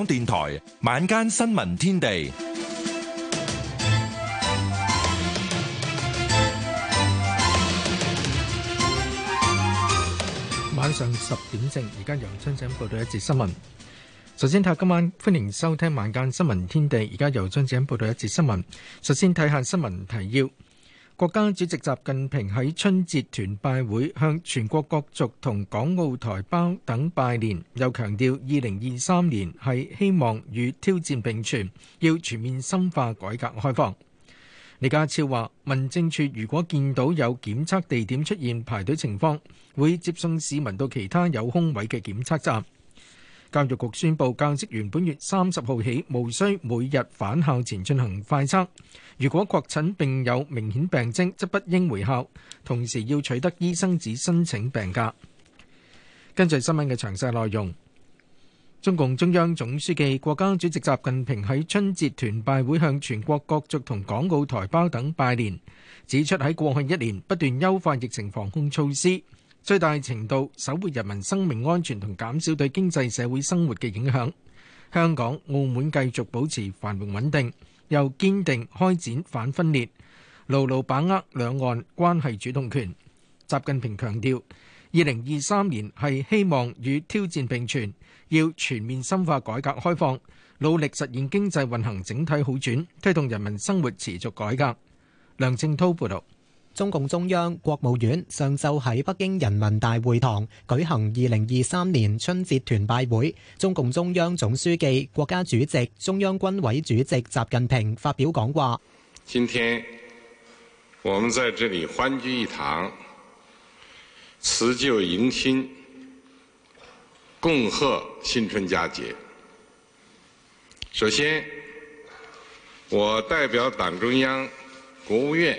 港電台晚間新聞天地，晚上十點正，而家由張子欣報道一節新聞。首先睇下今晚歡迎收聽晚間新聞天地，而家由張子欣報道一節新聞。首先睇下新聞提要。國家主席習近平喺春節團拜會向全國各族同港澳台胞等拜年，又強調二零二三年係希望與挑戰並存，要全面深化改革開放。李家超話，民政處如果見到有檢測地點出現排隊情況，會接送市民到其他有空位嘅檢測站。教育局宣布，教職員本月三十號起無需每日返校前進行快測。如果確診並有明顯病徵，則不應回校，同時要取得醫生紙申請病假。跟住新聞嘅詳細內容，中共中央總書記、國家主席習近平喺春節團拜會向全國各族同港澳台胞等拜年，指出喺過去一年不斷優化疫情防控措施。最大程度守護人民生命安全同減少對經濟社會生活嘅影響。香港、澳門繼續保持繁榮穩定，又堅定開展反分裂，牢牢把握兩岸關係主動權。習近平強調，二零二三年係希望與挑戰並存，要全面深化改革開放，努力實現經濟運行整體好轉，推動人民生活持續改革。梁正滔報導。中共中央、國務院上晝喺北京人民大會堂舉行二零二三年春節團拜會，中共中央總書記、國家主席、中央軍委主席習近平發表講話。今天，我們在這裏歡聚一堂，辭舊迎新，共賀新春佳節。首先，我代表黨中央、國務院，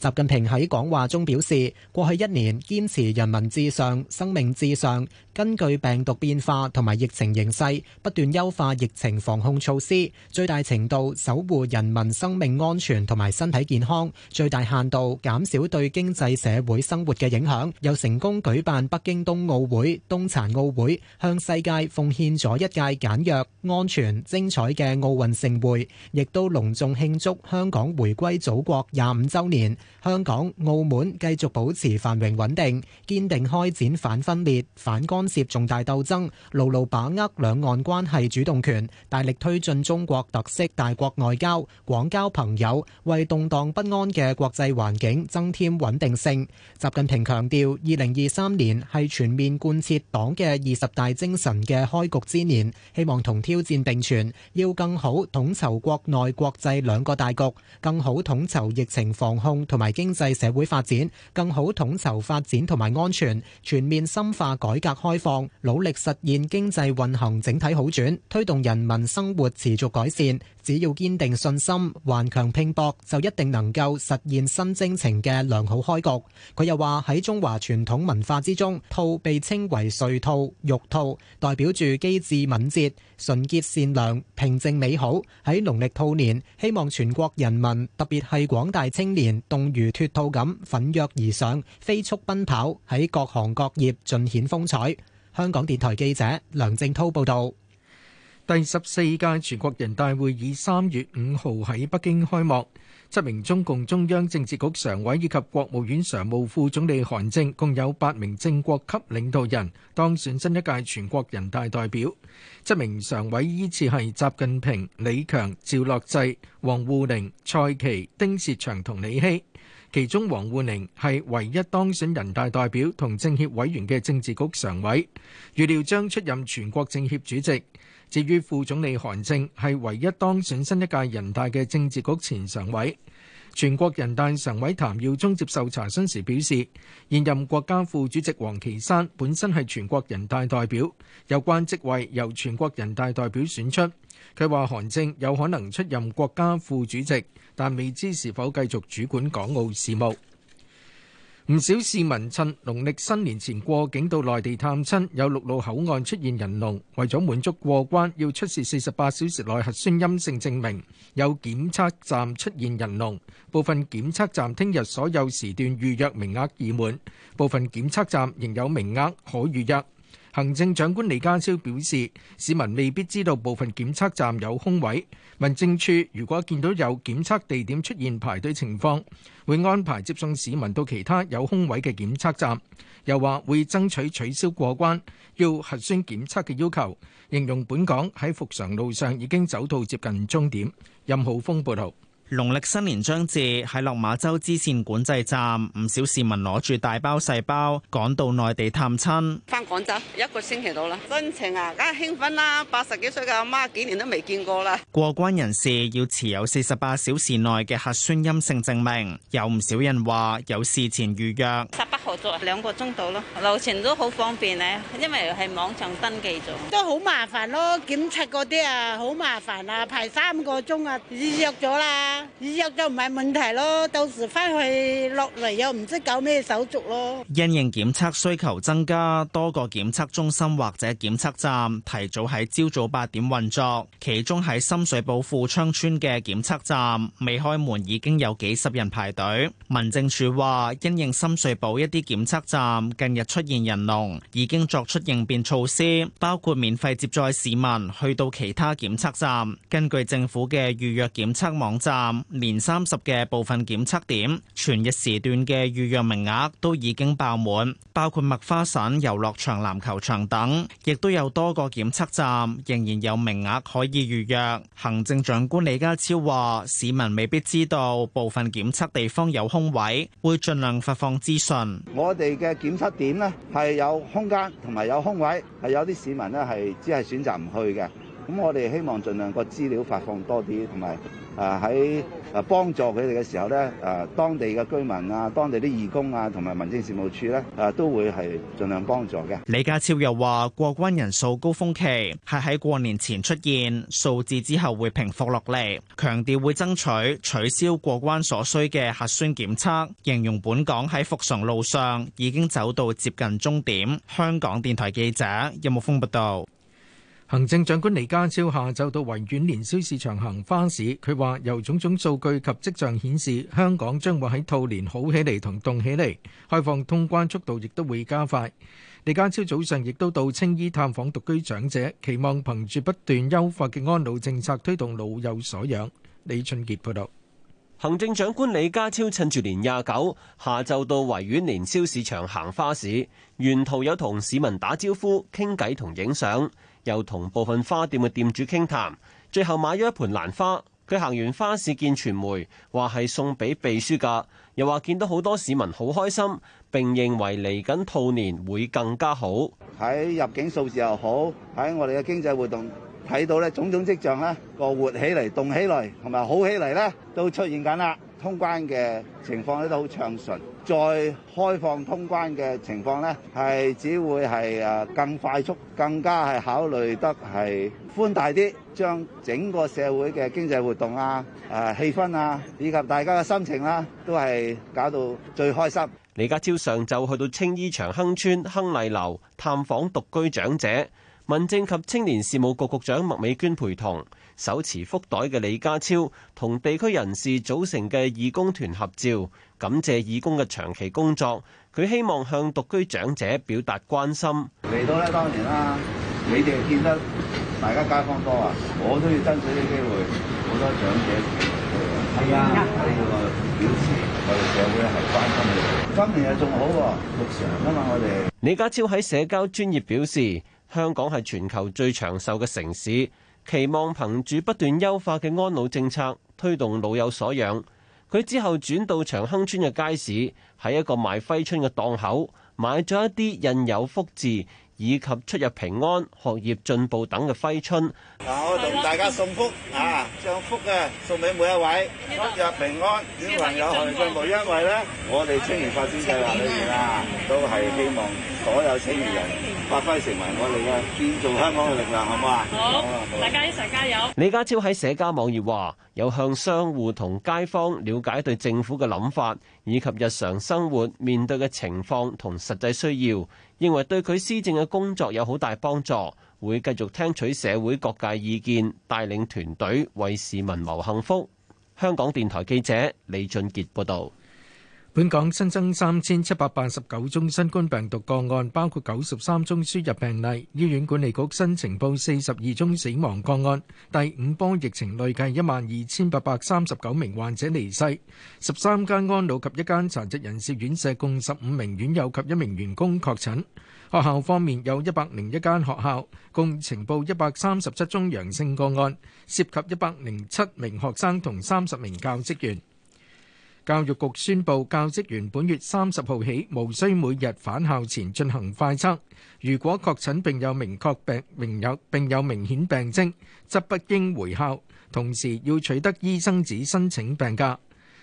習近平喺講話中表示，過去一年堅持人民至上、生命至上，根據病毒變化同埋疫情形勢，不斷優化疫情防控措施，最大程度守護人民生命安全同埋身體健康，最大限度減少對經濟社會生活嘅影響，又成功舉辦北京冬奧會、冬殘奧會，向世界奉獻咗一屆簡約、安全、精彩嘅奧運盛會，亦都隆重慶祝香港回歸祖國廿五周年。香港、澳門繼續保持繁榮穩定，堅定開展反分裂、反干涉重大鬥爭，牢牢把握兩岸關係主動權，大力推進中國特色大國外交，廣交朋友，為動盪不安嘅國際環境增添穩定性。習近平強調二零二三年係全面貫徹黨嘅二十大精神嘅開局之年，希望同挑戰並存，要更好統籌國內國際兩個大局，更好統籌疫情防控。同埋經濟社會發展，更好統籌發展同埋安全，全面深化改革開放，努力實現經濟運行整體好轉，推動人民生活持續改善。只要堅定信心、頑強拼搏，就一定能夠實現新征程嘅良好開局。佢又話：喺中華傳統文化之中，兔被稱為瑞兔、玉兔，代表住機智敏捷、純潔善良、平靜美好。喺農曆兔年，希望全國人民特別係廣大青年，動如脱兔咁奮躍而上，飛速奔跑，喺各行各業盡顯風采。香港電台記者梁正濤報道。第十四屆全國人大會議三月五號喺北京開幕，七名中共中央政治局常委以及國務院常務副總理韓正，共有八名正國級領導人當選新一屆全國人大代表。七名常委依次係習近平、李強、趙樂際、王滬寧、蔡奇、丁薛祥同李希，其中王滬寧係唯一當選人大代表同政協委員嘅政治局常委，預料將出任全國政協主席。至於副總理韓正係唯一當選新一屆人大嘅政治局前常委，全國人大常委譚耀宗接受查詢時表示，現任國家副主席王岐山本身係全國人大代表，有關職位由全國人大代表選出。佢話韓正有可能出任國家副主席，但未知是否繼續主管港澳事務。唔少市民趁農曆新年前過境到內地探親，有陸路口岸出現人龍。為咗滿足過關，要出示四十八小時內核酸陰性證明，有檢測站出現人龍。部分檢測站聽日所有時段預約名額已滿，部分檢測站仍有名額可預約。行政長官李家超表示，市民未必知道部分檢測站有空位。民政處如果見到有檢測地點出現排隊情況，會安排接送市民到其他有空位嘅檢測站。又話會爭取取消過關要核酸檢測嘅要求，形容本港喺復常路上已經走到接近終點。任浩峰報導。農曆新年將至，喺落馬洲支線管制站，唔少市民攞住大包細包，趕到內地探親。翻廣州一個星期到啦，心情啊梗係興奮啦！八十幾歲嘅阿媽，媽幾年都未見過啦。過關人士要持有四十八小時內嘅核酸陰性證明，有唔少人話有事前預約。合作兩個鐘到咯，流程都好方便咧，因為係網上登記咗，都好麻煩咯。檢測嗰啲啊，好麻煩啊，排三個鐘啊，預約咗啦，預約就唔係問題咯。到時翻去落嚟又唔知搞咩手續咯。因應檢測需求增加，多個檢測中心或者檢測站提早喺朝早八點運作。其中喺深水埗富昌村嘅檢測站未開門已經有幾十人排隊。民政處話，因應深水埗一啲檢測站近日出現人龍，已經作出應變措施，包括免費接載市民去到其他檢測站。根據政府嘅預約檢測網站，年三十嘅部分檢測點、全日時段嘅預約名額都已經爆滿，包括麥花臣遊樂場、籃球場等，亦都有多個檢測站仍然有名額可以預約。行政長官李家超話，市民未必知道部分檢測地方有空位，會盡量發放資訊。我哋嘅檢測點呢，係有空間同埋有空位，係有啲市民呢係只係選擇唔去嘅。咁我哋希望盡量個資料發放多啲，同埋誒喺誒幫助佢哋嘅時候咧，誒當地嘅居民啊、當地啲義工啊，同埋民政事務處咧，啊都會係盡量幫助嘅。李家超又話過關人數高峰期係喺過年前出現，數字之後會平復落嚟，強調會爭取取消過關所需嘅核酸檢測，形容本港喺復常路上已經走到接近終點。香港電台記者任木峯報道。行政長官李家超下晝到維園年宵市場行花市，佢話由種種數據及迹象顯示，香港將會喺兔年好起嚟、同動起嚟，開放通關速度亦都會加快。李家超早上亦都到青衣探訪獨居長者，期望憑住不斷優化嘅安老政策推動老有所養。李俊杰報道。行政長官李家超趁住年廿九下晝到維園年宵市場行花市，沿途有同市民打招呼、傾偈同影相，又同部分花店嘅店主傾談，最後買咗一盆蘭花。佢行完花市見，見傳媒話，係送俾秘書噶，又話見到好多市民好開心，並認為嚟緊兔年會更加好。喺入境數字又好，喺我哋嘅經濟活動睇到咧，種種跡象咧個活起嚟、動起嚟同埋好起嚟咧都出現緊啦。通關嘅情況咧都好暢順。再開放通關嘅情況呢，係只會係誒更快速、更加係考慮得係寬大啲，將整個社會嘅經濟活動啊、誒、啊、氣氛啊，以及大家嘅心情啦、啊，都係搞到最開心。李家超上晝去到青衣長亨村亨麗樓探訪獨居長者。民政及青年事務局局長麥美娟陪同手持福袋嘅李家超同地區人士組成嘅義工團合照，感謝義工嘅長期工作。佢希望向獨居長者表達關心。嚟到呢，當然啦，你哋見得大家街坊多啊，我都要爭取啲機會。好多長者係啊，係嘅喎，要表示我哋社會係關心嘅。今年又仲好喎，六常啊嘛，我哋。李家超喺社交專頁表示，香港係全球最長壽嘅城市，期望憑住不斷優化嘅安老政策，推動老有所養。佢之後轉到長亨村嘅街市，喺一個賣揮春嘅檔口，買咗一啲印有福字以及出入平安、學業進步等嘅揮春。嗱，我同大家送福啊，將福啊送俾每一位，的出入平安，的與朋友學業進步。因為咧，我哋青年發展計劃裏面啊。係希望所有青年人發揮成為我哋嘅建造香港嘅力量，好唔好啊？好，好大家一齊加油！李家超喺社交網頁話：有向商戶同街坊了解對政府嘅諗法，以及日常生活面對嘅情況同實際需要，認為對佢施政嘅工作有好大幫助，會繼續聽取社會各界意見，帶領團隊為市民謀幸福。香港電台記者李俊傑報道。本港新增三千七百八十九宗新冠病毒個案，包括九十三宗輸入病例。醫院管理局新呈報四十二宗死亡個案。第五波疫情累計一萬二千八百三十九名患者離世。十三間安老及一間殘疾人士院舍共十五名院友及一名員工確診。學校方面有一百零一間學校，共呈報一百三十七宗陽性個案，涉及一百零七名學生同三十名教職員。教育局宣布，教職員本月三十號起無需每日返校前進行快測。如果確診並有明確病，並有並有明顯病徵，則不應回校。同時要取得醫生紙申請病假。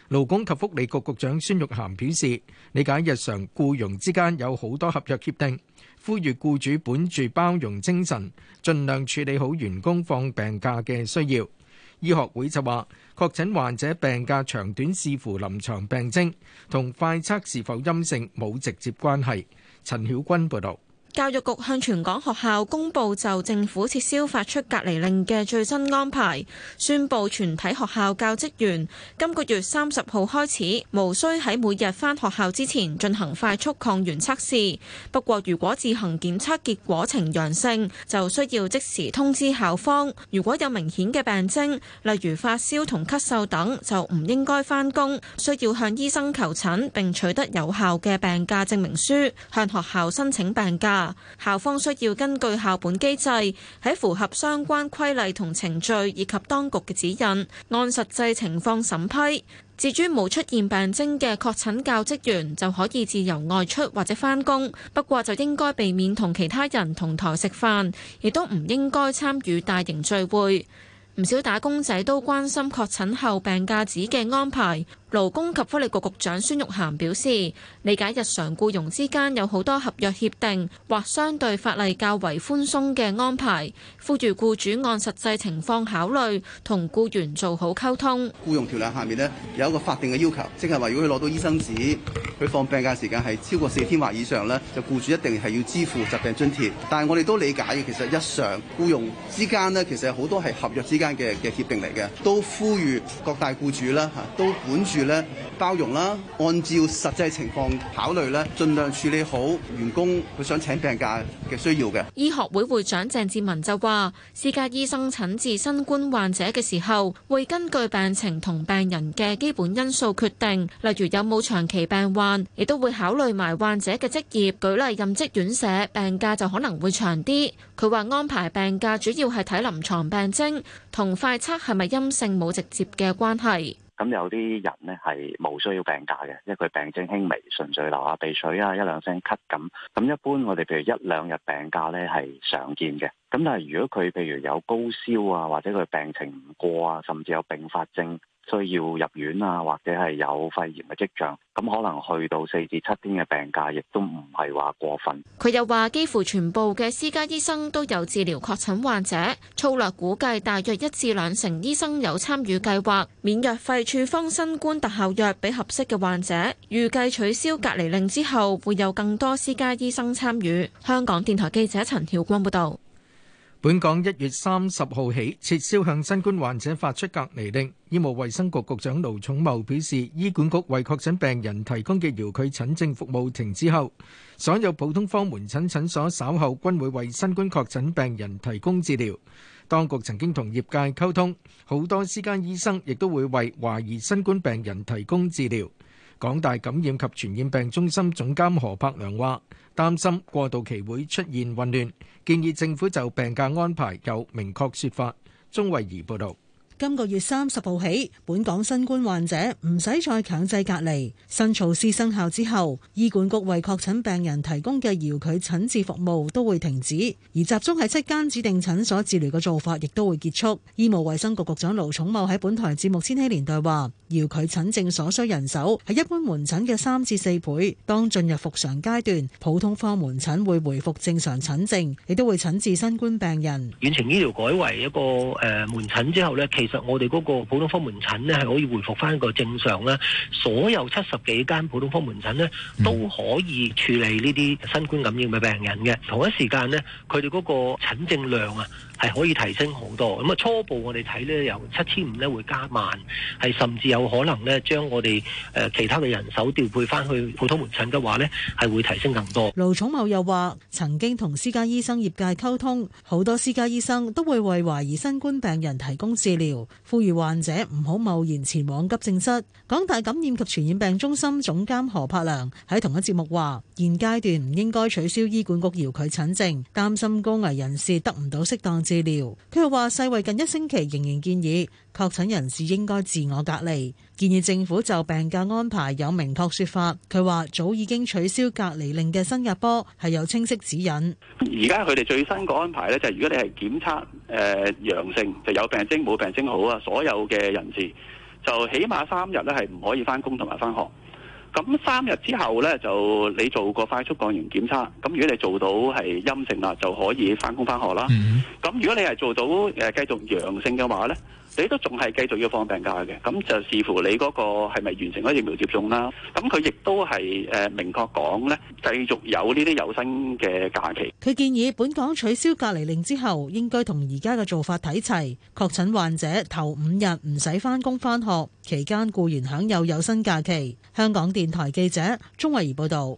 勞工及福利局局長孫玉菡表示：理解日常僱傭之間有好多合約協定，呼籲僱主本住包容精神，盡量處理好員工放病假嘅需要。醫學會就話，確診患者病假長短視乎臨床病徵，同快測是否陰性冇直接關係。陳曉君報導。教育局向全港學校公布就政府撤銷發出隔離令嘅最新安排，宣布全體學校教職員今個月三十號開始無需喺每日翻學校之前進行快速抗原測試。不過如果自行檢測結果呈陽性，就需要即時通知校方。如果有明顯嘅病徵，例如發燒同咳嗽等，就唔應該返工，需要向醫生求診並取得有效嘅病假證明書，向學校申請病假。校方需要根據校本機制，喺符合相關規例同程序以及當局嘅指引，按實際情況審批。至於冇出現病徵嘅確診教職員，就可以自由外出或者返工，不過就應該避免同其他人同台食飯，亦都唔應該參與大型聚會。唔少打工仔都關心確診後病假紙嘅安排。勞工及福利局局長孫玉菡表示：理解日常僱傭之間有好多合約協定或相對法例較為寬鬆嘅安排，呼籲僱主按實際情況考慮同僱員做好溝通。僱傭條例下面咧有一個法定嘅要求，即係話如果佢攞到醫生紙，佢放病假時間係超過四天或以上咧，就僱主一定係要支付疾病津貼，但係我哋都理解嘅，其實日常僱傭之間咧，其實好多係合約之。間嘅嘅協定嚟嘅，都呼籲各大僱主啦，吓都本住咧，包容啦，按照實際情況考慮呢盡量處理好員工佢想請病假嘅需要嘅。醫學會會長鄭志文就話，私家醫生診治新冠患者嘅時候，會根據病情同病人嘅基本因素決定，例如有冇長期病患，亦都會考慮埋患者嘅職業。舉例任職院舍，病假就可能會長啲。佢話安排病假主要係睇臨床病徵，同快測係咪陰性冇直接嘅關係？咁有啲人咧係冇需要病假嘅，因為佢病症輕微，純粹流下鼻水啊，一兩聲咳咁。咁一般我哋譬如一兩日病假咧係常見嘅。咁但係，如果佢譬如有高燒啊，或者佢病情唔過啊，甚至有併發症需要入院啊，或者係有肺炎嘅跡象，咁可能去到四至七天嘅病假，亦都唔係話過分。佢又話，幾乎全部嘅私家醫生都有治療確診患者，粗略估計大約一至兩成醫生有參與計劃免藥費處方新冠特效藥，俾合適嘅患者。預計取消隔離令之後，會有更多私家醫生參與。香港電台記者陳曉光報道。本港一月三十號起撤銷向新冠患者發出隔離令，醫務衛生局局長盧寵茂表示，醫管局為確診病人提供嘅遙距診症服務停止後，所有普通科門診診所稍後均會為新冠確診病人提供治療。當局曾經同業界溝通，好多私家醫生亦都會為懷疑新冠病人提供治療。港大感染及傳染病中心總監何柏良話。擔心過渡期會出現混亂，建議政府就病假安排有明確說法。鍾慧儀報道。今個月三十號起，本港新冠患者唔使再強制隔離。新措施生效之後，醫管局為確診病人提供嘅遙距診治服務都會停止，而集中喺七間指定診所治療嘅做法亦都會結束。醫務衛生局局長盧寵茂喺本台節目《千禧年代》話，遙距診症所需人手係一般門診嘅三至四倍。當進入復常階段，普通科門診會回復正常診症，亦都會診治新冠病人。遠程醫療改為一個誒、呃、門診之後呢，其我哋嗰個普通科門診呢，係可以回復翻個正常啦，所有七十幾間普通科門診呢，都可以處理呢啲新冠感染嘅病人嘅。同一時間呢，佢哋嗰個診症量啊係可以提升好多。咁啊，初步我哋睇呢，由七千五咧會加萬，係甚至有可能呢將我哋誒其他嘅人手調配翻去普通門診嘅話呢，係會提升更多。盧寵茂又話，曾經同私家醫生業界溝通，好多私家醫生都會為懷疑新冠病人提供治療。呼籲患者唔好貿然前往急症室。港大感染及傳染病中心總監何柏良喺同一節目話：現階段唔應該取消醫管局遙距診症，擔心高危人士得唔到適當治療。佢又話：世衛近一星期仍然建議。確診人士應該自我隔離，建議政府就病假安排有明確説法。佢話早已經取消隔離令嘅新加坡係有清晰指引。而家佢哋最新個安排咧、就係，就如果你係檢測誒、呃、陽性，就有病徵冇病徵好啊，所有嘅人士就起碼三日咧係唔可以翻工同埋翻學。咁三日之後咧就你做個快速抗原檢測，咁如果你做到係陰性啦，就可以翻工翻學啦。咁、mm hmm. 如果你係做到誒、呃、繼續陽性嘅話咧？你都仲係繼續要放病假嘅，咁就視乎你嗰個係咪完成咗疫苗接種啦。咁佢亦都係誒明確講咧，繼續有呢啲有薪嘅假期。佢建議本港取消隔離令之後，應該同而家嘅做法睇齊，確診患者頭五日唔使返工返學，期間固然享有有薪假期。香港電台記者鍾慧儀報道。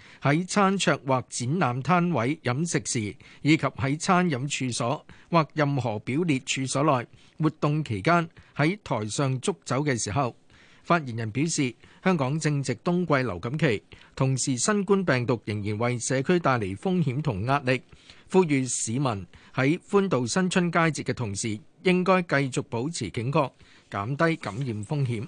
喺餐桌或展覽攤位飲食時，以及喺餐飲處所或任何表列處所內活動期間，喺台上捉走嘅時候，發言人表示，香港正值冬季流感期，同時新冠病毒仍然為社區帶嚟風險同壓力，呼籲市民喺歡度新春佳節嘅同時，應該繼續保持警覺，減低感染風險。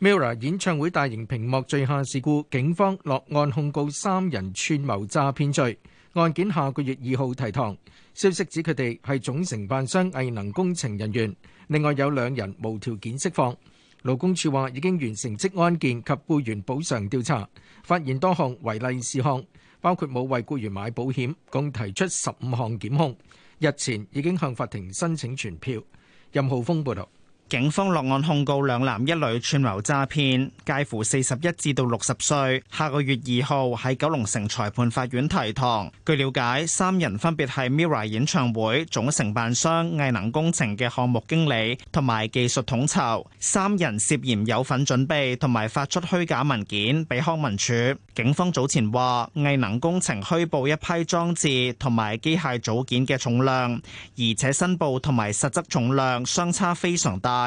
MIRROR 演唱會大型屏幕墜下事故，警方落案控告三人串謀詐騙罪，案件下個月二號提堂。消息指佢哋係總承辦商藝能工程人員，另外有兩人無條件釋放。勞工處話已經完成職安健及僱員補償調查，發現多項違例事項，包括冇為僱員買保險，共提出十五項檢控。日前已經向法庭申請傳票。任浩峯報道。警方落案控告兩男一女串謀詐騙，介乎四十一至到六十歲。下個月二號喺九龍城裁判法院提堂。據了解，三人分別係 MIRROR 演唱會總承辦商藝能工程嘅項目經理同埋技術統籌。三人涉嫌有份準備同埋發出虛假文件俾康文署。警方早前話，藝能工程虛報一批裝置同埋機械組件嘅重量，而且申報同埋實質重量相差非常大。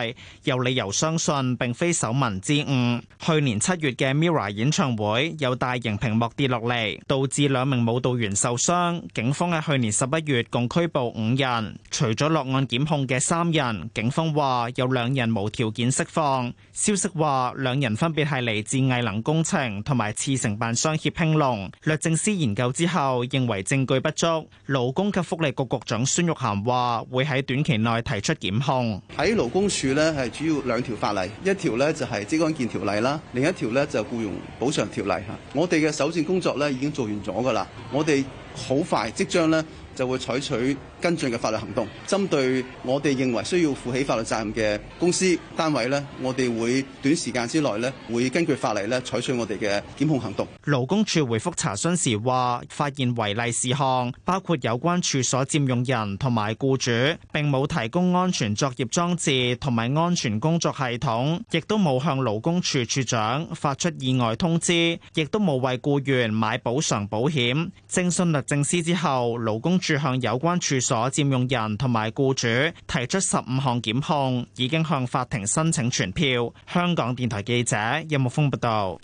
有理由相信，並非手民之誤。去年七月嘅 Mira 演唱會，有大型屏幕跌落嚟，導致兩名舞蹈員受傷。警方喺去年十一月共拘捕五人，除咗落案檢控嘅三人，警方話有兩人無條件釋放。消息話兩人分別係嚟自藝能工程同埋次承辦商協興隆。律政司研究之後，認為證據不足。勞工及福利局局長孫玉菡話會喺短期內提出檢控。喺勞工。住咧係主要兩條法例，一條咧就係《職安健條例》啦，另一條咧就係僱傭補償條例吓，我哋嘅首線工作咧已經做完咗噶啦，我哋好快即將咧就會採取。跟進嘅法律行動針對我哋認為需要負起法律責任嘅公司單位咧，我哋會短時間之內咧，會根據法例咧採取我哋嘅檢控行動。勞工處回覆查詢時話發現違例事項，包括有關處所佔用人同埋雇主並冇提供安全作業裝置同埋安全工作系統，亦都冇向勞工處處長發出意外通知，亦都冇為雇員買補償保險。徵詢律政司之後，勞工處向有關處。所佔用人同埋雇主提出十五項檢控，已經向法庭申請傳票。香港電台記者任木峰報道。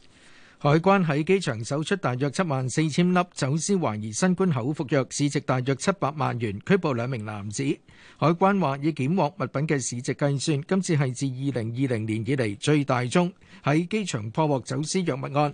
海關喺機場搜出大約七萬四千粒走私懷疑新冠口服藥，市值大約七百萬元，拘捕兩名男子。海關話，以檢獲物品嘅市值計算，今次係自二零二零年以嚟最大宗喺機場破獲走私藥物案。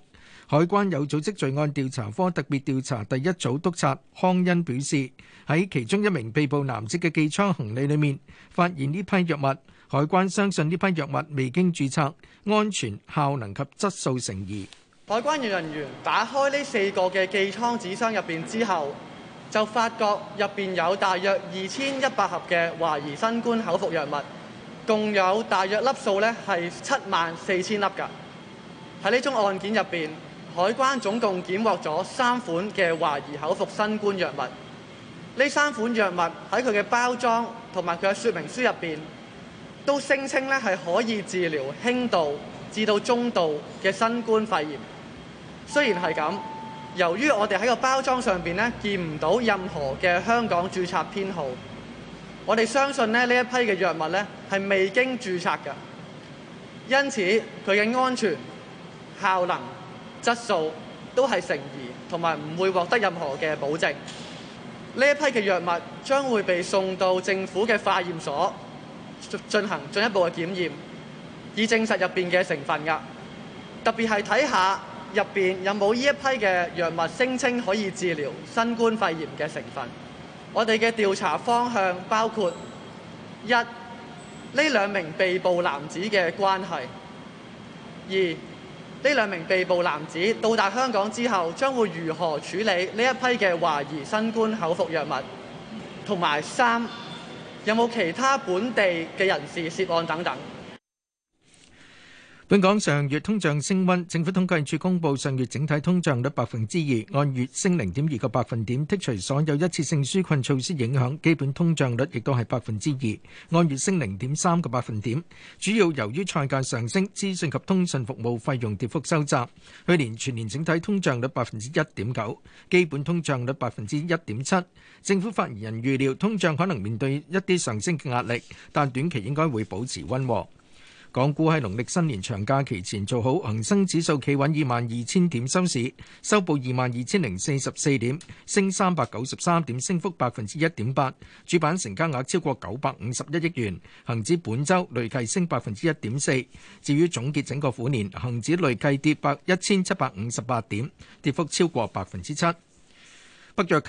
海關有組織罪案調查科特別調查第一組督察康恩表示，喺其中一名被捕男子嘅寄艙行李裏面，發現呢批藥物。海關相信呢批藥物未經註冊，安全效能及質素成疑。海關人員打開呢四個嘅寄艙紙箱入邊之後，就發覺入邊有大約二千一百盒嘅懷疑新冠口服藥物，共有大約粒數咧係七萬四千粒㗎。喺呢宗案件入邊。海關總共檢獲咗三款嘅懷疑口服新冠藥物。呢三款藥物喺佢嘅包裝同埋佢嘅說明書入邊都聲稱咧係可以治療輕度至到中度嘅新冠肺炎。雖然係咁，由於我哋喺個包裝上邊咧見唔到任何嘅香港註冊編號，我哋相信咧呢一批嘅藥物咧係未經註冊嘅，因此佢嘅安全效能、質素都係成疑，同埋唔會獲得任何嘅保證。呢一批嘅藥物將會被送到政府嘅化驗所進行進一步嘅檢驗，以證實入邊嘅成分㗎。特別係睇下入邊有冇呢一批嘅藥物聲稱可以治療新冠肺炎嘅成分。我哋嘅調查方向包括一、呢兩名被捕男子嘅關係，二，呢兩名被捕男子到達香港之後，將會如何處理呢一批嘅懷疑新冠口服藥物？同埋三，有冇其他本地嘅人士涉案等等？本港上月通脹升溫，政府統計處公布上月整體通脹率百分之二，按月升零點二個百分點。剔除所有一次性紓困措施影響，基本通脹率亦都係百分之二，按月升零點三個百分點。主要由於菜價上升、資訊及通訊服務費用跌幅收窄。去年全年整體通脹率百分之一點九，基本通脹率百分之一點七。政府發言人預料通脹可能面對一啲上升嘅壓力，但短期應該會保持溫和。港股喺農曆新年長假期前做好，恒生指數企穩二萬二千點，收市收報二萬二千零四十四點，升三百九十三點，升幅百分之一點八。主板成交額超過九百五十一億元，恒指本周累計升百分之一點四。至於總結整個虎年，恒指累計跌百一千七百五十八點，跌幅超過百分之七。北約、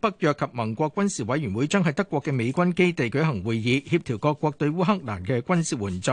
北約及盟國軍事委員會將喺德國嘅美軍基地舉行會議，協調各國對烏克蘭嘅軍事援助。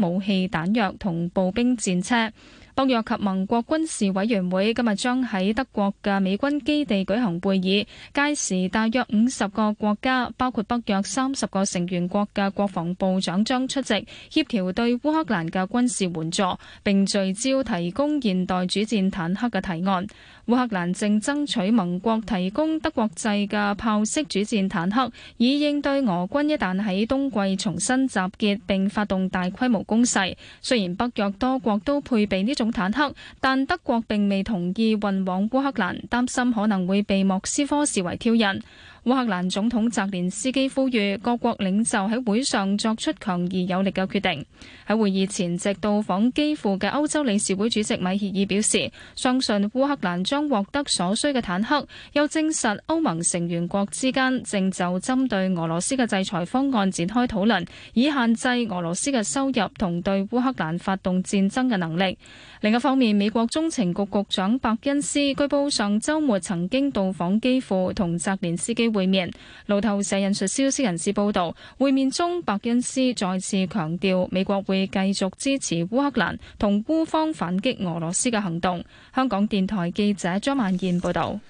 武器彈藥同步兵戰車。北約及盟國軍事委員會今日將喺德國嘅美軍基地舉行會議，屆時大約五十個國家，包括北約三十個成員國嘅國防部長將出席，協調對烏克蘭嘅軍事援助，並聚焦提供現代主戰坦克嘅提案。烏克蘭正爭取盟國提供德國製嘅豹式主戰坦克，以應對俄軍一旦喺冬季重新集結並發動大規模攻勢。雖然北約多國都配備呢種坦克，但德國並未同意運往烏克蘭，擔心可能會被莫斯科視為挑釁。烏克蘭總統澤連斯基呼籲各國領袖喺會上作出強而有力嘅決定。喺會議前夕到訪基輔嘅歐洲理事會主席米歇爾表示，相信烏克蘭將獲得所需嘅坦克，又證實歐盟成員國之間正就針對俄羅斯嘅制裁方案展開討論，以限制俄羅斯嘅收入同對烏克蘭發動戰爭嘅能力。另一方面，美國中情局局長伯恩斯據報上週末曾經到訪基輔，同澤連斯基會面。路透社引述消息人士報道，會面中伯恩斯再次強調，美國會繼續支持烏克蘭同烏方反擊俄羅斯嘅行動。香港電台記者張萬燕報道。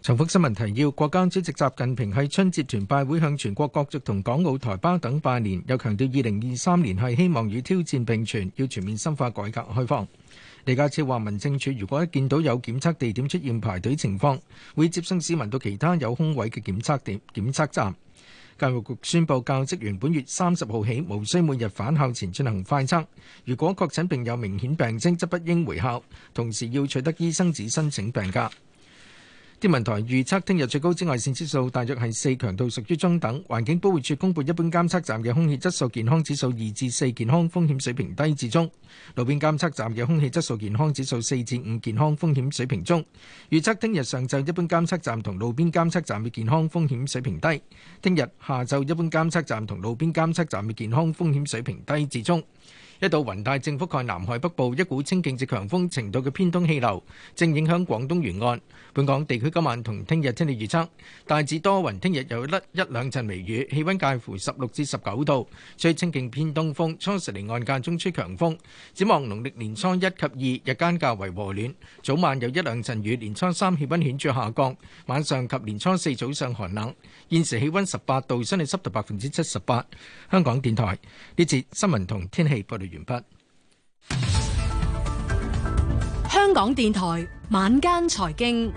重複新聞提要：國家主席習近平喺春節團拜會向全國各族同港澳、台胞等拜年，又強調二零二三年係希望與挑戰並存，要全面深化改革開放。李家超話，民政處如果一見到有檢測地點出現排隊情況，會接生市民到其他有空位嘅檢測點檢測站。教育局宣布，教職員本月三十號起無需每日返校前進行快測，如果確診並有明顯病徵，則不應回校，同時要取得醫生紙申請病假。天文台預測聽日最高紫外線指數大約係四，強度屬於中等，環境保護署公布一般監測站嘅空氣質素健康指數二至四，健康風險水平低至中；路邊監測站嘅空氣質素健康指數四至五，健康風險水平中。預測聽日上晝一般監測站同路邊監測站嘅健康風險水平低，聽日下晝一般監測站同路邊監測站嘅健康風險水平低至中。一道雲帶正覆蓋南海北部，一股清勁至強風程度嘅偏東氣流正影響廣東沿岸。本港地區今晚同聽日天氣預測，大致多雲，聽日有甩一兩陣微雨，氣温介乎十六至十九度，吹清勁偏東風，初時離岸間中吹強風。展望農曆年初一及二日間較為和暖，早晚有一兩陣雨；年初三氣温顯著下降，晚上及年初四早上寒冷。現時氣溫十八度，相對濕度百分之七十八。香港電台呢節新聞同天氣播報完畢。香港電台晚間財經，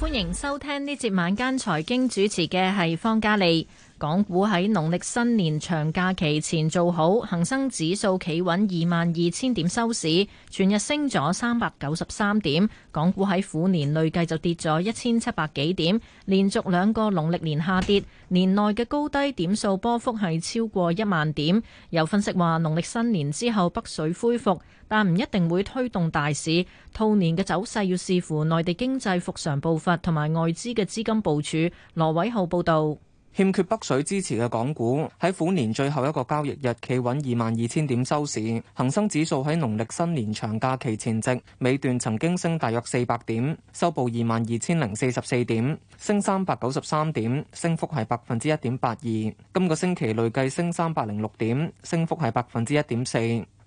歡迎收聽呢節晚間財經主持嘅係方嘉利。港股喺農曆新年長假期前做好，恒生指數企穩二萬二千點收市，全日升咗三百九十三點。港股喺虎年累計就跌咗一千七百幾點，連續兩個農曆年下跌，年內嘅高低點數波幅係超過一萬點。有分析話，農曆新年之後北水恢復，但唔一定會推動大市。兔年嘅走勢要視乎內地經濟復常步伐同埋外資嘅資金部署。羅偉浩報道。欠缺北水支持嘅港股喺虎年最後一個交易日企穩二萬二千點收市，恒生指數喺農曆新年長假期前夕尾段曾經升大約四百點，收報二萬二千零四十四點，升三百九十三點，升幅係百分之一點八二。今個星期累計升三百零六點，升幅係百分之一點四。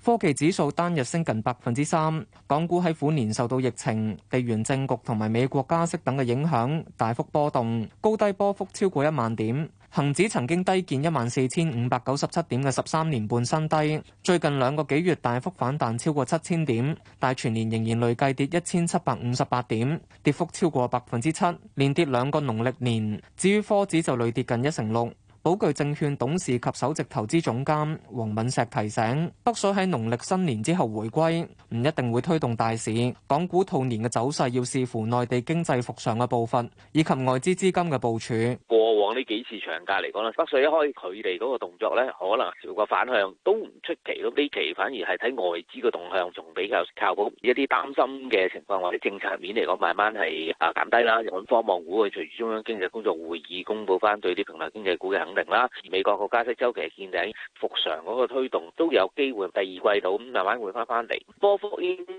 科技指數單日升近百分之三，港股喺虎年受到疫情、地緣政局同埋美國加息等嘅影響，大幅波動，高低波幅超過一萬點。恒指曾經低見一萬四千五百九十七點嘅十三年半新低，最近兩個幾月大幅反彈超過七千點，但全年仍然累計跌一千七百五十八點，跌幅超過百分之七，連跌兩個農曆年。至於科指就累跌近一成六。寶具證券董事及首席投資總監黃敏石提醒：北水喺農曆新年之後回歸，唔一定會推動大市。港股兔年嘅走勢要視乎內地經濟復常嘅步伐，以及外資資金嘅部署。過往呢幾次長假嚟講啦，北水一開佢哋嗰個動作咧，可能有個反向都唔出奇。咁呢期反而係睇外資嘅動向，仲比較靠譜一啲擔心嘅情況，或者政策面嚟講，慢慢係啊減低啦。按方望股，隨住中央經濟工作會議公布翻對啲平台經濟股嘅肯。啦，而美國個加息週期見頂復常嗰個推動都有機會第二季度咁慢慢會翻翻嚟波幅應該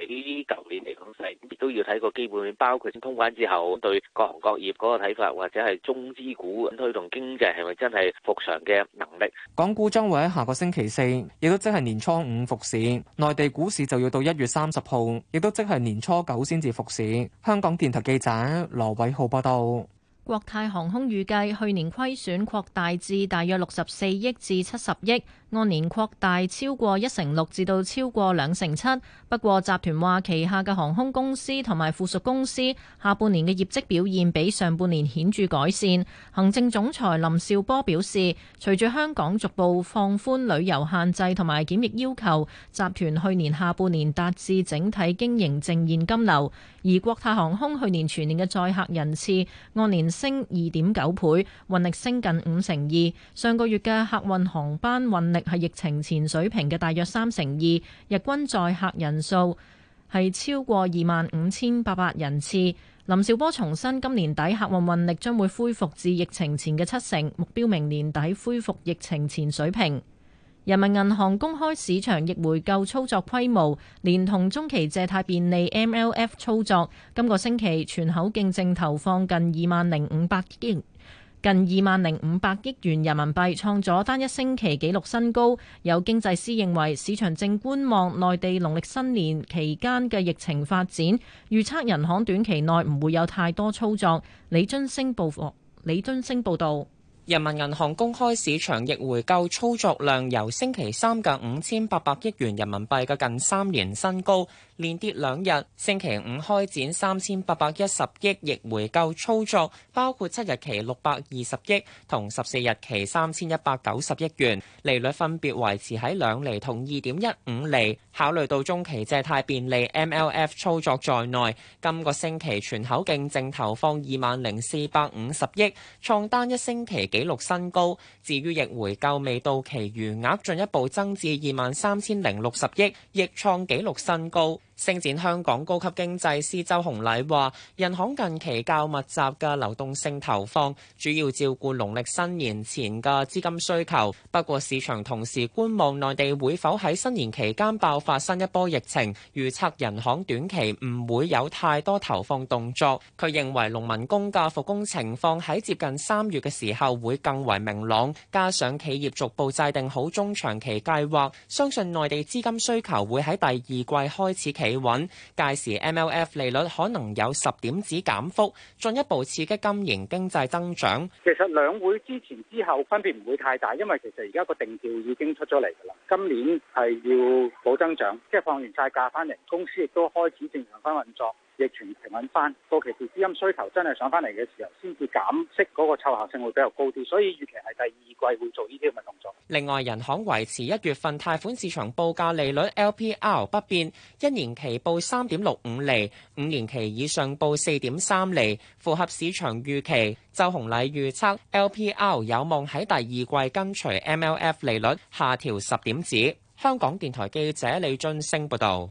比舊年嚟講細，都要睇個基本面，包括通關之後對各行各業嗰個睇法，或者係中資股咁推動經濟係咪真係復常嘅能力？港股將會喺下個星期四，亦都即係年初五復市；內地股市就要到一月三十號，亦都即係年初九先至復市。香港電台記者羅偉浩報道。國泰航空預計去年虧損擴大至大約六十四億至七十億。按年擴大超過一成六至到超過兩成七，不過集團話旗下嘅航空公司同埋附屬公司下半年嘅業績表現比上半年顯著改善。行政總裁林紹波表示，隨住香港逐步放寬旅遊限制同埋檢疫要求，集團去年下半年達至整體經營淨現金流。而國泰航空去年全年嘅載客人次按年升二點九倍，運力升近五成二。上個月嘅客運航班運力係疫情前水平嘅大約三成二，日均載客人數係超過二萬五千八百人次。林紹波重申，今年底客運運力將會恢復至疫情前嘅七成，目標明年底恢復疫情前水平。人民銀行公開市場逆回購操作規模，連同中期借貸便利 MLF 操作，今個星期全口徑淨投放近二萬零五百億。近二萬零五百億元人民幣，創咗單一星期紀錄新高。有經濟師認為市場正觀望內地農曆新年期間嘅疫情發展，預測人行短期內唔會有太多操作。李津星報道，李津星報道。人民銀行公開市場逆回購操作量由星期三嘅五千八百億元人民幣嘅近三年新高，連跌兩日。星期五開展三千八百一十億逆回購操作，包括七日期六百二十億同十四日期三千一百九十億元，利率分別維持喺兩厘同二點一五厘。考慮到中期借貸便利 MLF 操作在內，今個星期全口徑淨投放二萬零四百五十億，創單一星期紀錄新高，至於逆回購未到期餘額進一步增至二萬三千零六十億，亦創紀錄新高。星展香港高級經濟師周紅禮話：人行近期較密集嘅流動性投放，主要照顧農曆新年前嘅資金需求。不過市場同時觀望內地會否喺新年期間爆發新一波疫情，預測人行短期唔會有太多投放動作。佢認為農民工嘅復工情況喺接近三月嘅時候會更為明朗，加上企業逐步制定好中長期計劃，相信內地資金需求會喺第二季開始期。企穩，屆時 MLF 利率，可能有十點子減幅，進一步刺激金融經濟增長。其實兩會之前之後分別唔會太大，因為其實而家個定調已經出咗嚟噶啦。今年係要保增長，即係放完晒假翻嚟，公司亦都開始正常翻運作，疫情平穩翻。到期時資金需求真係上翻嚟嘅時候，先至減息，嗰個湊合性會比較高啲。所以預期係第二季會做呢啲運動。另外，人行維持一月份貸款市場報價利率 LPR 不變，一年期報3.65厘，五年期以上報4.3厘，符合市場預期。周紅禮預測 LPR 有望喺第二季跟隨 MLF 利率下調十點子。香港電台記者李俊升報導。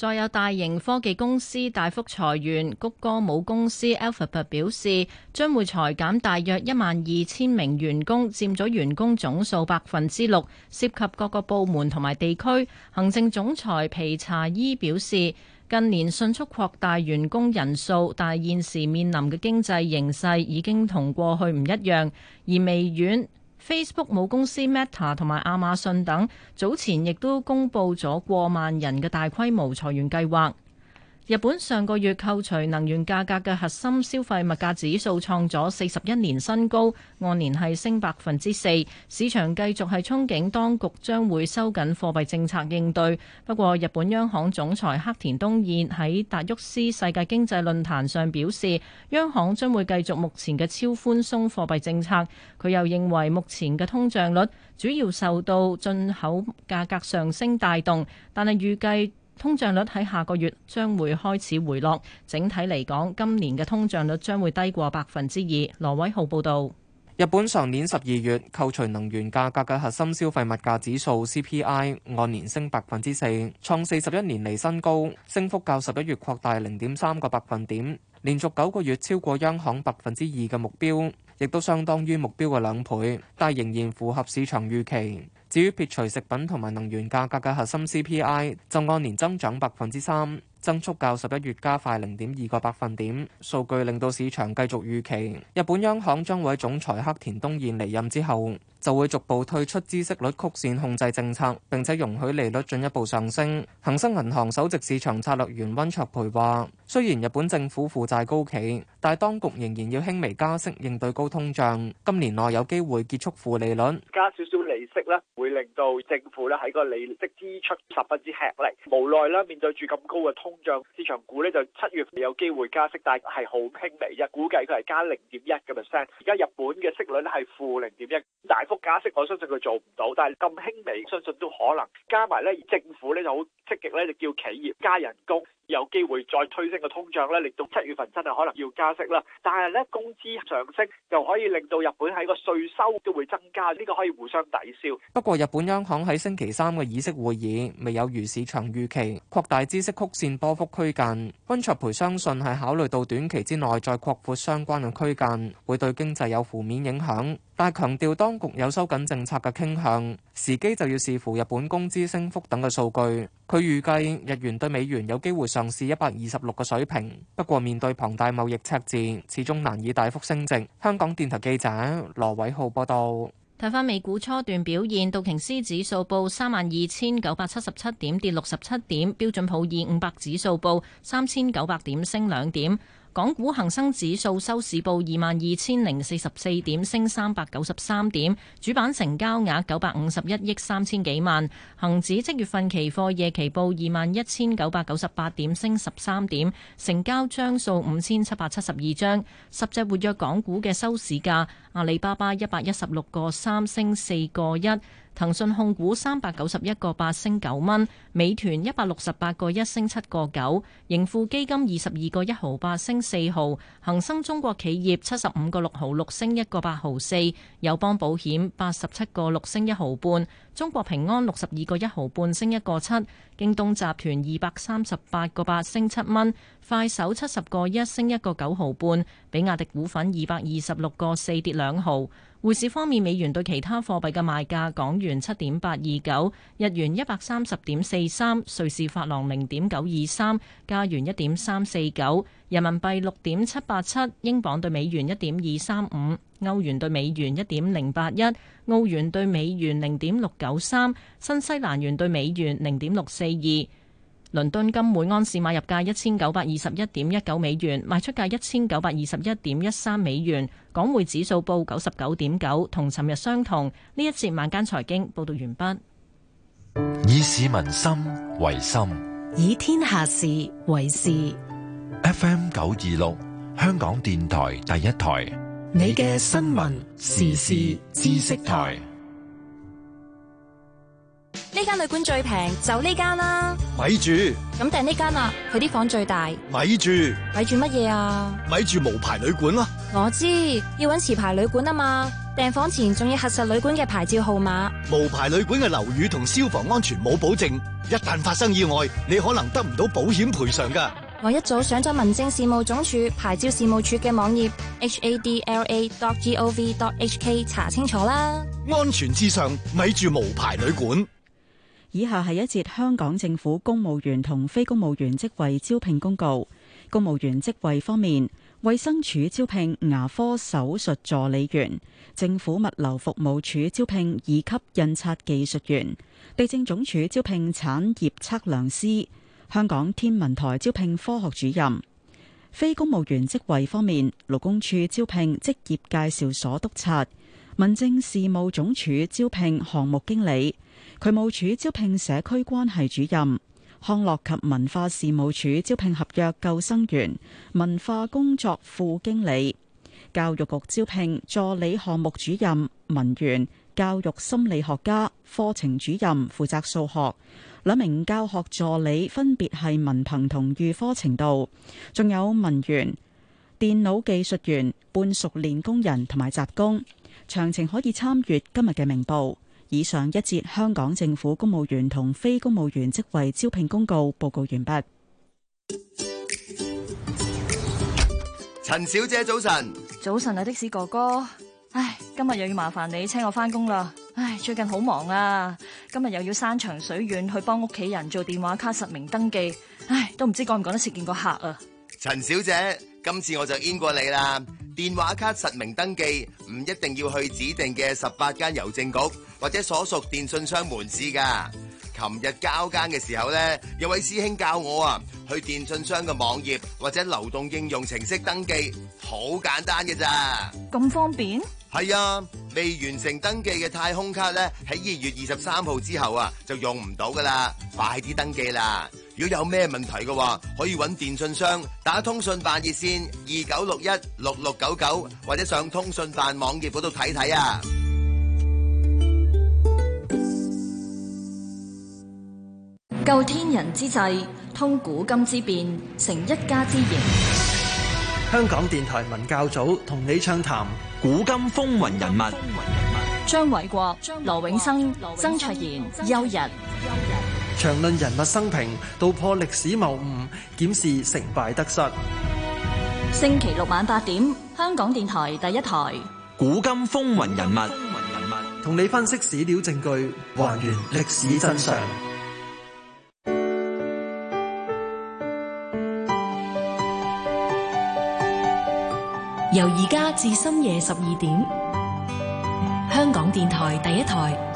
再有大型科技公司大幅裁員，谷歌母公司 Alphabet 表示將會裁減大約一萬二千名員工，佔咗員工總數百分之六，涉及各個部門同埋地區。行政總裁皮查伊表示，近年迅速擴大員工人數，但現時面臨嘅經濟形勢已經同過去唔一樣，而微軟。Facebook 母公司 Meta 同埋亞馬遜等早前亦都公佈咗過萬人嘅大規模裁員計劃。日本上個月扣除能源價格嘅核心消費物價指數創咗四十一年新高，按年係升百分之四。市場繼續係憧憬當局將會收緊貨幣政策應對，不過日本央行總裁黑田東彥喺達沃斯世界經濟論壇上表示，央行將會繼續目前嘅超寬鬆貨幣政策。佢又認為目前嘅通脹率主要受到進口價格上升帶動，但係預計通脹率喺下個月將會開始回落，整體嚟講，今年嘅通脹率將會低過百分之二。羅偉浩報導，日本上年十二月扣除能源價格嘅核心消費物價指數 CPI 按年升百分之四，創四十一年嚟新高，升幅較十一月擴大零點三個百分點，連續九個月超過央行百分之二嘅目標，亦都相當於目標嘅兩倍，但仍然符合市場預期。至於撇除食品同埋能源價格嘅核心 CPI，就按年增長百分之三。增速較十一月加快零點二個百分點，數據令到市場繼續預期日本央行將會總裁黑田東彥離任之後就會逐步退出孳息率曲線控制政策，並且容許利率進一步上升。恒生銀行首席市場策略員溫灼培話，雖然日本政府負債高企，但係當局仍然要輕微加息應對高通脹，今年內有機會結束負利率。加少少利息咧，會令到政府咧喺個利息支出十分之吃力，無奈啦，面對住咁高嘅通。通脹市場估咧就七月有機會加息，但係好輕微，一估計佢係加零點一嘅 percent。而家日本嘅息率咧係負零點一，大幅加息我相信佢做唔到，但係咁輕微，相信都可能。加埋咧，政府咧就好積極咧，就叫企業加人工。有機會再推升個通脹咧，令到七月份真係可能要加息啦。但係咧，工資上升又可以令到日本喺個稅收都會增加，呢、這個可以互相抵消。不過，日本央行喺星期三嘅議息會議未有如市場預期擴大孳息曲線波幅區間。溫卓培相信係考慮到短期之內再擴闊相關嘅區間，會對經濟有負面影響。但強調當局有收緊政策嘅傾向，時機就要視乎日本工資升幅等嘅數據。佢預計日元對美元有機會上試一百二十六嘅水平，不過面對龐大貿易赤字，始終難以大幅升值。香港電台記者羅偉浩報道。睇返美股初段表現，道瓊斯指數報三萬二千九百七十七點，跌六十七點；標準普爾五百指數報三千九百點，升兩點。港股恒生指數收市報二萬二千零四十四點，升三百九十三點，主板成交額九百五十一億三千幾萬。恒指即月份期貨夜期報二萬一千九百九十八點，升十三點，成交張數五千七百七十二張。十隻活躍港股嘅收市價，阿里巴巴一百一十六個三升四個一。騰訊控股三百九十一個八升九蚊，美團一百六十八個一升七個九，盈富基金二十二個一毫八升四毫，恒生中國企業七十五個六毫六升一個八毫四，友邦保險八十七個六升一毫半，中國平安六十二個一毫半升一個七，京東集團二百三十八個八升七蚊，快手七十個一升一個九毫半，比亞迪股份二百二十六個四跌兩毫。匯市方面，美元對其他貨幣嘅賣價：港元七點八二九，日元一百三十點四三，瑞士法郎零點九二三，加元一點三四九，人民幣六點七八七，英鎊對美元一點二三五，歐元對美元一點零八一，澳元對美元零點六九三，新西蘭元對美元零點六四二。倫敦金每安士買入價一千九百二十一點一九美元，賣出價一千九百二十一點一三美元。港匯指數報九十九點九，同尋日相同。呢一節晚間財經報道完畢。以市民心為心，以天下事為事。FM 九二六，香港電台第一台，你嘅新聞時事知識台。呢間旅館最平，就呢間啦。咪住，咁訂呢間啊？佢啲房最大。咪住，咪住乜嘢啊？咪住無牌旅館啦。我知要揾持牌旅館啊嘛。訂房前仲要核實旅館嘅牌照號碼。無牌旅館嘅樓宇同消防安全冇保證，一旦發生意外，你可能得唔到保險賠償噶。我一早上咗民政事務總署牌照事務處嘅網頁 h a d l a d o g o v d o h k 查清楚啦。安全至上，咪住無牌旅館。以下係一節香港政府公務員同非公務員職位招聘公告。公務員職位方面，衛生署招聘牙科手術助理員；政府物流服務處招聘二級印刷技術員；地政總署招聘產業測量師；香港天文台招聘科學主任。非公務員職位方面，勞工處招聘職業介紹所督察；民政事務總署招聘項目經理。渠務署招聘社區關係主任、康樂及文化事務署招聘合約救生員、文化工作副經理、教育局招聘助理項目主任、文員、教育心理學家、課程主任負責數學，兩名教學助理分別係文憑同預科程度，仲有文員、電腦技術員、半熟練工人同埋雜工，詳情可以參閱今日嘅明報。以上一節香港政府公務員同非公務員職位招聘公告報告完畢。陳小姐，早晨！早晨啊，的士哥哥，唉，今日又要麻煩你請我返工啦。唉，最近好忙啊，今日又要山長水遠去幫屋企人做電話卡實名登記。唉，都唔知講唔講得切見個客啊。陳小姐。今次我就 in 過你啦，電話卡實名登記唔一定要去指定嘅十八間郵政局或者所屬電信商門市㗎。琴日交更嘅時候呢，有位師兄教我啊，去電信商嘅網頁或者流動應用程式登記，好簡單嘅咋。咁方便？係啊，未完成登記嘅太空卡咧，喺二月二十三號之後啊，就用唔到噶啦，快啲登記啦！如果有咩問題嘅話，可以搵電信商打通訊辦熱線二九六一六六九九，或者上通訊辦網頁嗰度睇睇啊！究天人之際，通古今之變，成一家之言。香港電台文教組同你暢談古今風雲人物，張偉國、羅永生、曾卓賢、邱日長論人物生平，道破歷史謬誤，檢視成敗得失。星期六晚八點，香港電台第一台《古今風雲人物》，《古今風雲人物》，同你分析史料證據，還原歷史真相。由而家至深夜十二點，香港電台第一台。